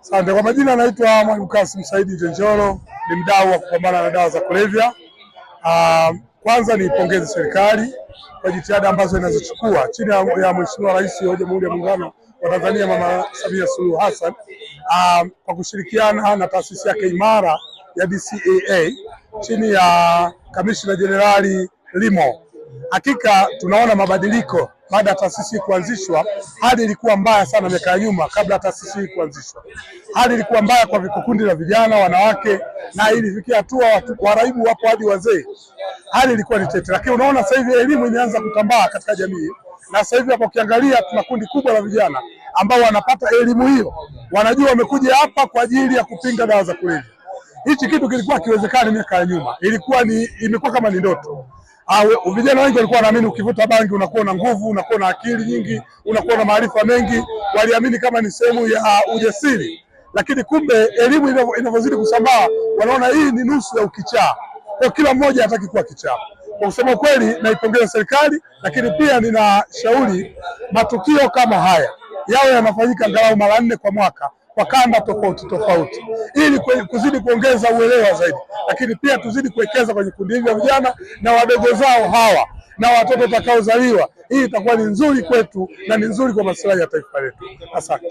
Asante kwa majina, anaitwa Mwalimu Kasim Saidi Njenjoro, ni mdau wa kupambana na dawa za kulevya. Ah, kwanza niipongeze serikali kwa jitihada ambazo inazochukua chini ya Mheshimiwa Rais wa Jamhuri ya Muungano wa Tanzania Mama Samia Suluhu Hassan ah, kwa kushirikiana na taasisi yake imara ya DCAA chini ya Kamishna Jenerali Limo Hakika tunaona mabadiliko baada ya taasisi hii kuanzishwa. Hali ilikuwa mbaya sana miaka ya nyuma, kabla ya taasisi hii kuanzishwa, hali ilikuwa mbaya kwa vikundi la vijana, wanawake, na ilifikia hatua waraibu wapo hadi wazee. Hali ilikuwa ni tete, lakini unaona sasa hivi elimu imeanza kutambaa katika jamii, na sasa hivi hapo ukiangalia tuna kundi kubwa la vijana ambao wanapata elimu hiyo, wanajua wamekuja hapa kwa ajili ya kupinga dawa za kulevya. Hichi kitu kilikuwa kiwezekani miaka ya nyuma, ilikuwa ni imekuwa kama ni ndoto au ah, vijana wengi walikuwa wanaamini ukivuta bangi unakuwa na nguvu, unakuwa na akili nyingi, unakuwa na maarifa mengi. Waliamini kama ni sehemu ya ah, ujasiri, lakini kumbe elimu inavyozidi kusambaa, wanaona hii ni nusu ya ukichaa. Kwa kila mmoja hataki kuwa kichaa. Kwa kusema kweli, naipongeza serikali, lakini pia ninashauri matukio kama haya yawe yanafanyika angalau mara nne kwa mwaka kwa kanda tofauti tofauti, ili kuzidi kuongeza uelewa zaidi, lakini pia tuzidi kuwekeza kwenye kundi hili la vijana na wadogo zao hawa na watoto watakaozaliwa. Hii itakuwa ni nzuri kwetu na ni nzuri kwa maslahi ya taifa letu. Asante.